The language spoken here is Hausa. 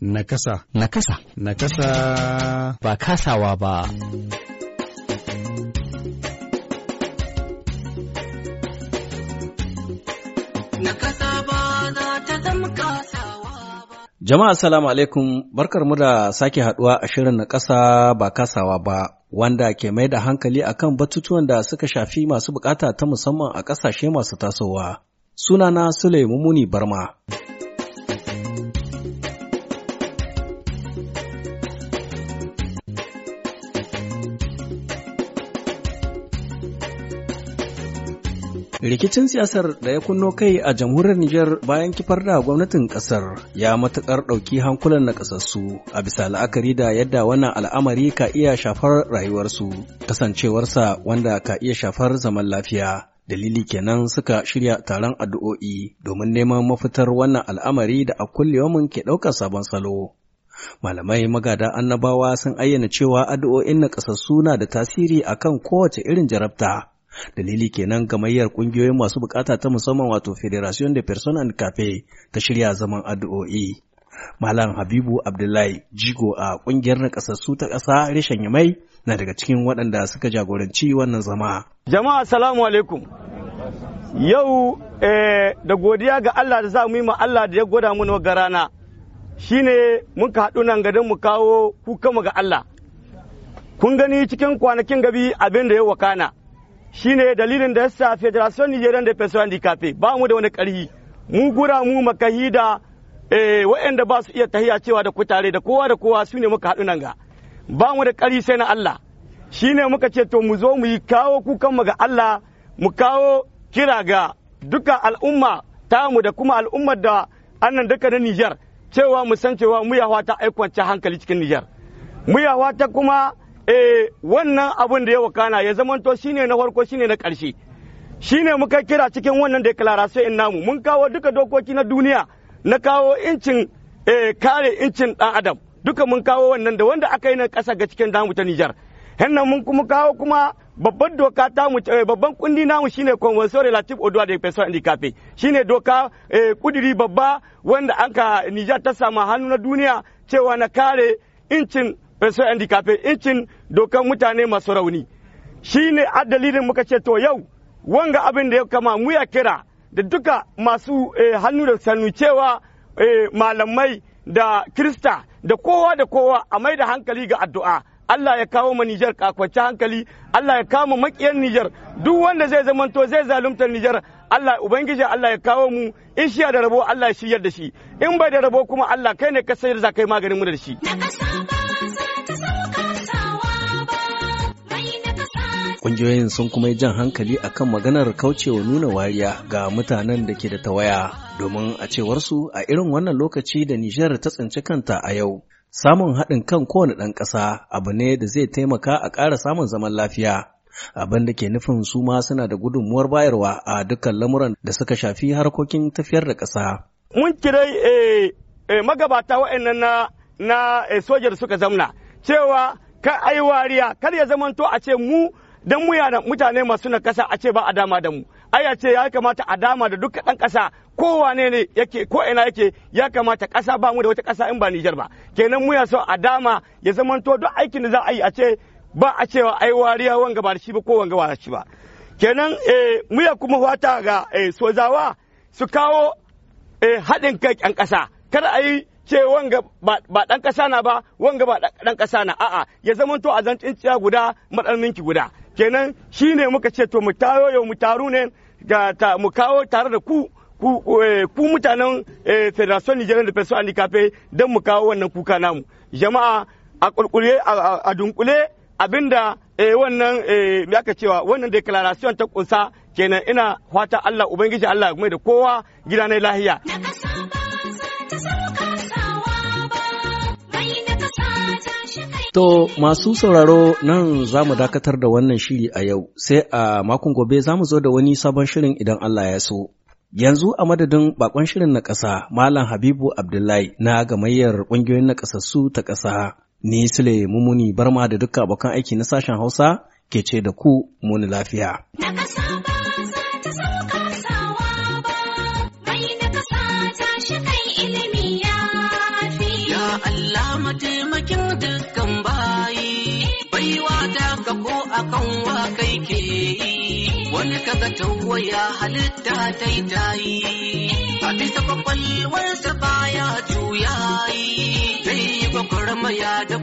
Nakasa. Nakasa. Nakasa. Ba kasawa ba. Jama'a salamu alaikum barkar mu da sake haduwa a shirin na kasa ba kasawa ba wanda ke mai da hankali akan batutuwan da suka shafi masu bukata ta musamman a ƙasashe masu tasowa. Sunana Sule Mumuni Barma. Rikicin siyasar da ya kunno kai a jamhuriyar Nijar bayan kifar da gwamnatin kasar ya matukar ɗauki hankulan na kasassu a bisa la'akari da yadda wannan al'amari ka iya shafar rayuwarsu kasancewarsa wanda ka iya shafar zaman lafiya. Dalili kenan suka shirya taron addu'o'i domin neman mafitar wannan al'amari da a kulliyomin ke ɗaukar sabon salo. Malamai magada annabawa sun ayyana cewa addu'o'in na kasassu na da tasiri akan kowace irin jarabta. Dalili kenan gamayyar ƙungiyoyin masu bukata ta musamman wato Federation de Personnes Cafe ta shirya zaman addu'o'i. Malam Habibu Abdullahi Jigo a ƙungiyar na kasassu ta kasa reshen Yamai na daga cikin waɗanda suka jagoranci wannan zama. Jama'a salamu alaikum. Yau eh, da godiya ga Allah da za mu yi ma Allah da ya gwada mu ga rana shine muka haɗu nan gadon mu kawo kuka mu ga Allah. Kun gani cikin kwanakin gabi abin da ya wakana. shine dalilin da yasa Federation Nigerian de Personnes Handicapées ba mu da wani karhi mu gura mu makahi da eh, waɗanda ba su iya tahiya cewa da kutare da kowa da kowa su ne muka haɗu nan ga ba mu da ƙarhi sai na Allah shine muka ce to mu zo mu yi kawo kukan mu ga Allah mu kawo kira ga duka al'umma ta mu da kuma al'ummar da annan duka na Nijar cewa mu san cewa mu yawa ta aikwanci hankali cikin Nijar mu ya ta kuma eh wannan abin da ya wakana ya zamanto shine na farko shine na ƙarshe shine muka kira cikin wannan declaration in namu mun kawo duka dokoki na duniya na kawo incin eh, kare incin dan adam duka mun kawo wannan da wanda aka yi na ƙasa ga cikin damu ta Nijar hannan mun kuma kawo kuma babban doka ta mu eh, babban kundi na mu shine convention relative au droit des personnes handicapées shine doka eh, kudiri babba wanda anka Nijar ta samu hannu na duniya cewa na kare incin pension handicapé cin dokan mutane masu rauni shi ne a dalilin muka ce to yau wanga abin da ya kama mu ya kira da duka masu eh, hannu da sannu cewa eh, malamai da krista da kowa da kowa a mai da hankali ga addu'a Allah ya kawo ma Nijar kakwace hankali Allah ya kawo makiyar Nijar duk wanda zai zamanto zai zalunta Nijar Allah ubangiji Allah ya kawo mu in shi da rabo Allah ya shiryar da shi in bai da rabo kuma Allah kai ne ka sayar za kai maganin mu da shi Ƙungiyoyin sun kuma yi jan hankali a kan maganar kaucewa nuna wariya ga mutanen da ke da tawaya domin a cewarsu a irin wannan lokaci da Nijar ta tsinci kanta a yau. Samun haɗin kan kowane ɗan ƙasa abu ne da zai taimaka a ƙara samun zaman lafiya. abin da ke nufin su ma suna da gudunmuwar bayarwa a dukkan lamuran da suka shafi harkokin tafiyar da ƙasa. Mun kirai eh, eh, magabata wa'annan na na eh, sojar suka zamna cewa ka ai wariya kar ya zamanto a ce mu dan mu yana mutane masu na kasa a ce ba a dama da mu ai a ce ya kamata a dama da duk dan kasa kowane ne yake ko ina yake ya kamata kasa ba mu da wata kasa in ba Nijar ba kenan mu ya so a dama ya zamanto duk aikin da za a yi a ce ba a cewa ai wariya wanga ba da shi ba ko wanga ba da shi ba kenan eh mu ya kuma fata ga eh, sojawa su kawo eh, haɗin kai ƴan ƙasa kar a yi ce wanga ba ɗan ƙasa na ba wanga ba ɗan ƙasa na a'a ya zamanto a zan guda maɗan guda kenan shine muka ce to mu taro yau mu taru ne mu kawo tare da ku ku eh, mutanen eh, federation nigerian da fesu handicapé don mu kawo wannan kuka namu jama'a a kulkule a dunkule abinda eh, wannan ya ka cewa wannan declaration ta kunsa kenan ina fata allah ubangiji allah mai da kowa gida na lahiya To masu sauraro nan za mu dakatar da wannan shiri a yau, sai a makon gobe za mu zo da wani sabon shirin idan Allah ya so. Yanzu a madadin bakon shirin na ƙasa, Malam Habibu Abdullahi na gamayyar ƙungiyoyin na ƙasassu ta ƙasa, ni Sule Mumuni Barma da dukkan abokan aiki na sashen Hausa ke ce da ku muni lafiya. wani kaga tawaya halitta ta yi tayi a bisa kwakwalwarsa baya juyayi zai yi gwagwarmaya da